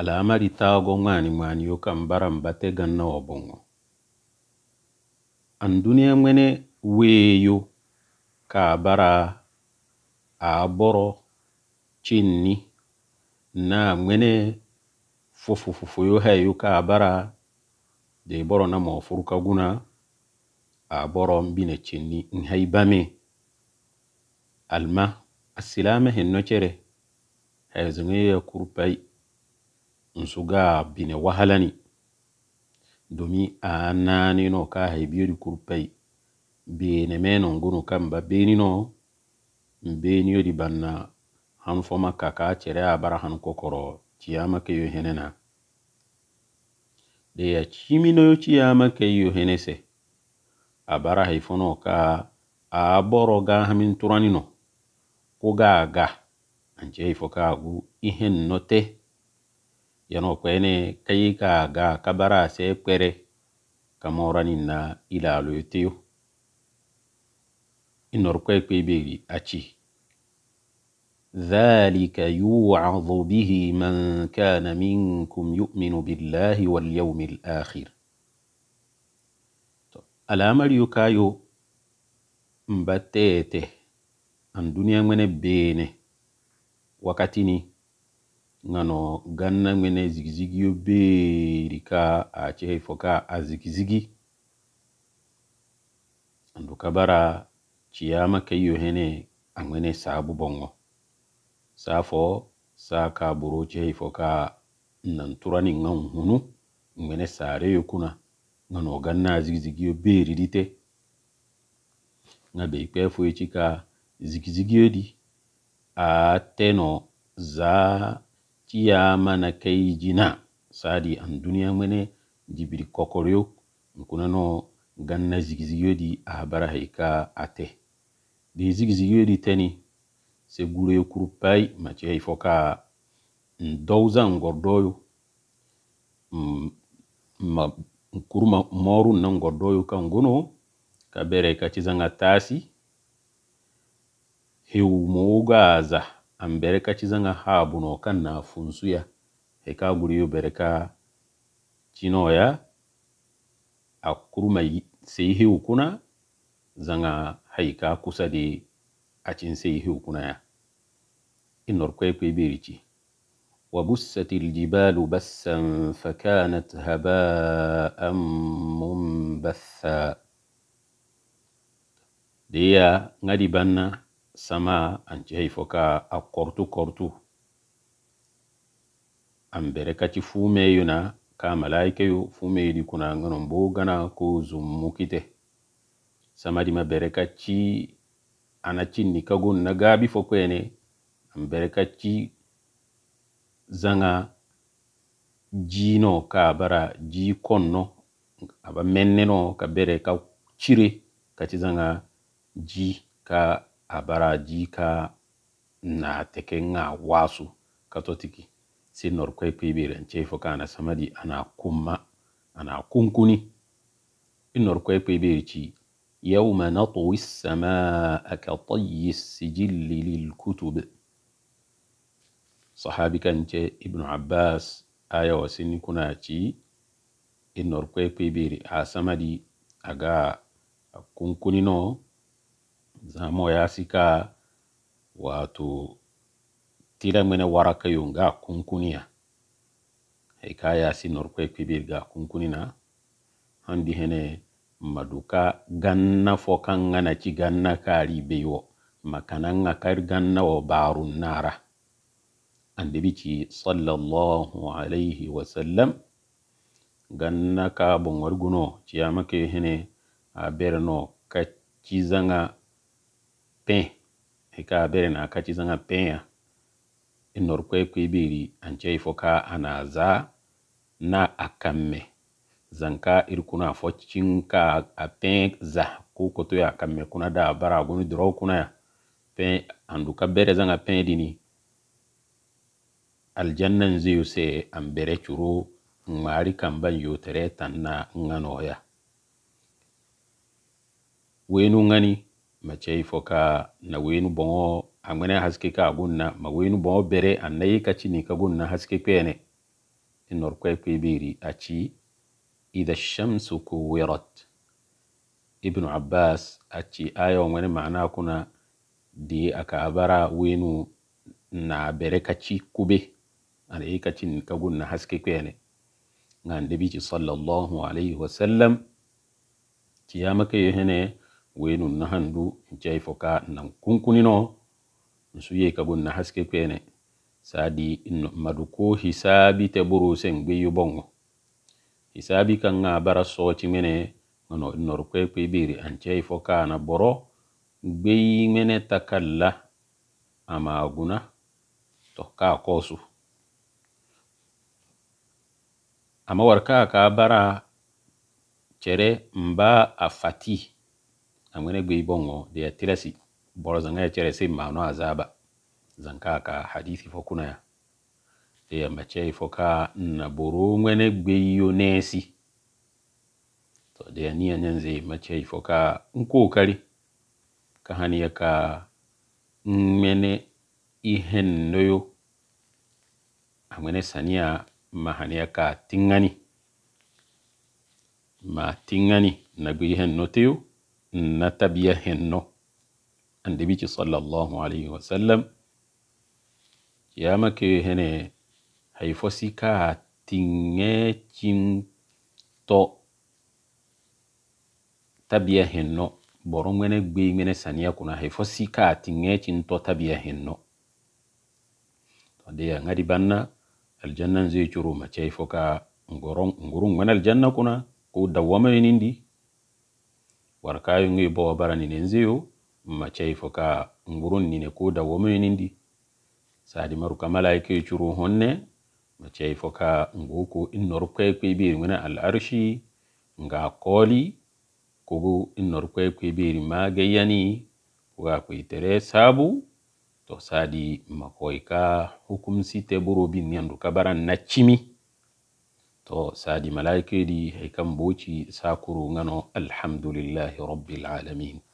ala amalitago mwani mwani yoka mbara mbatega na obongo andunia mwene weyo ka bara aboro chinni na nwere fofofofoyo hayo ka bara de boro na mo furuka guna aboro mbine chinni nhaibame alma asilame hinno chere ya kurpai nsuga bine wahalani domin a nanino ka haibiyori kurpai bene menon gunu kan ba benino beniyori banna han foma ka ka cere a bara han kokoro ciyama ke yo henena de ya cimino yo ciyama ke yo henese a bara haifono ka a boro ga hamin turanino ko ga ga ance ifo ka gu ihen yano kwe ne kai ka ga kabara se kwere kamora ni na ila alu inor kwe kwe bebi achi Zalika yu'adhu bihi man kana minkum yu'minu billahi wal yawmil akhir to alamar yukayo mbatete an duniya mene bene wakati ni ngano ganna ngwene zigizigi beeri ka achehei foka azigizigi andu kabara ciyama keiyo hene angwene sabu bongo safo saka buro chehei ka nanturani nga hunu ngwene sare yokuna ngano ganna zigizigi yoberi dite nga be ikpefo di zigizigi yodi ateno zaa. ciyamana kai jina sadi an duniya mene jibiri kokoryo no ganna zigizigiyo di ahabara haika ate di zigizigiyo di teni se gure kurupai mace hay foka ndouza ngordoyo mm, ma kuruma moru na ngordoyo ka ngono ka bere ka cizanga tasi hewmogaza an bere ka cizanga habuno kan na funsuya he ka guri yo bere ka cinoya a kuruma sai hiu kuna zanga haika kusa de a cin sai hiu kuna ya inor kwai kwai bi rici wa busati aljibal bassan fakanat haba'an mumbassa de ya ngadi banna sama an cehi fo ka a kortu kortu an bere kati fumeyu na ka malaikeyu fumeyu di kuna ŋonon bo gana ko zummu kite samadi ma bere kati ana cinni kagun na gaabi fo kuene an bere kati zaŋa jino ka bara jikonno aba menneno ka bere ka cire kati zaŋa ji ka a bara jika na tekin a wasu katotiki sai norkwai fibiran cefuka na samadi ana kuma ana kunkuni in norkwai fibiran ci yau ma na towi sama a katayi sijili lilkutu bi sahabi kance ibn abbas aya wa kuna ci in norkwai fibiran a samadi a ga kunkuni no zamo ya sika wato tira mene waraka yunga kunkunia ya si norkwe kibirga kunkunina handi hene maduka ganna fo kanga na ci ganna kari beyo makananga kar ganna wa barun nara annabi ci sallallahu alaihi sallam ganna ka bon warguno ci amake hene a berno ka zanga pe y ka berena ka ci zãngã pẽyã y nor koɛɛkoe beeri n ka a na a zaa na a kammɛ zan ka iri kuna a fɔ cin za ko koto ya kammɛ kuna da a bara a goni dorɔu kuna ya pẽ an du ka bɛrɛ dini aljanna n zeyo sɛ an bɛrɛ curo n ŋmaari kamba n yootɛrɛ tan na n ŋa Mace yi foka na wenu bongo angwene haske ka agunna ma wenu bongo bere ka ci ni ka gunna haske kwene inor kwe kwe biri aci idha shamsu ku kuwirat ibnu abbas aci aya wangwene maana kuna di aka abara wenu na bere ka ci kube ka ci ni ka gunna haske kwene nga ci sallallahu alaihi wasallam maka yi hene wenun nahandu jayfo ka nan kunkunino suye kabun na haske kwene sadi madu ko hisabi te buru sen gbeyu bongo hisabi kan nga bara sochi mene ngano inor kwe kwe biri an jayfo ka na boro gbeyi mene takalla ama aguna to ka kosu ama warka ka bara cere mba afati amene gwi bongo de atirasi boro zanga chere sim ma no azaba zanka ka hadithi fokuna ya de ambache foka na buru mwene gwi yonesi to de ani ania nyanze foka nku nkokari kahani ya ka mene ihen noyo amene sania mahani ya ka tingani ma tingani na gwi henno notiu na tabiya henno annabici sallallahu alaihi wasallam yamake hene hayfo sika tinŋecinto tabiya henno boro ŋene gbei ŋene saniya kuna hayfo sika tinŋecinto tabiya henno de aŋadi banna aljanna nzeecuru macayfo ka ngoro nguru ŋene aljanna kuna ku dawwama yinindi warka ngi bo bara ni nenziu machai foka ngurun ni ne kuda wo menindi sadi maru kamala ke churu honne machai foka nguku innor kwe kwe bi ngana al arshi nga koli kugu innor kwe kwe bi ma gayani kuga kwe tere sabu to sadi makoika hukum site buru bin yandu kabaran na chimi تو سادي ملايكي دي هيكم بوشي ساكرو نانو الحمد لله رب العالمين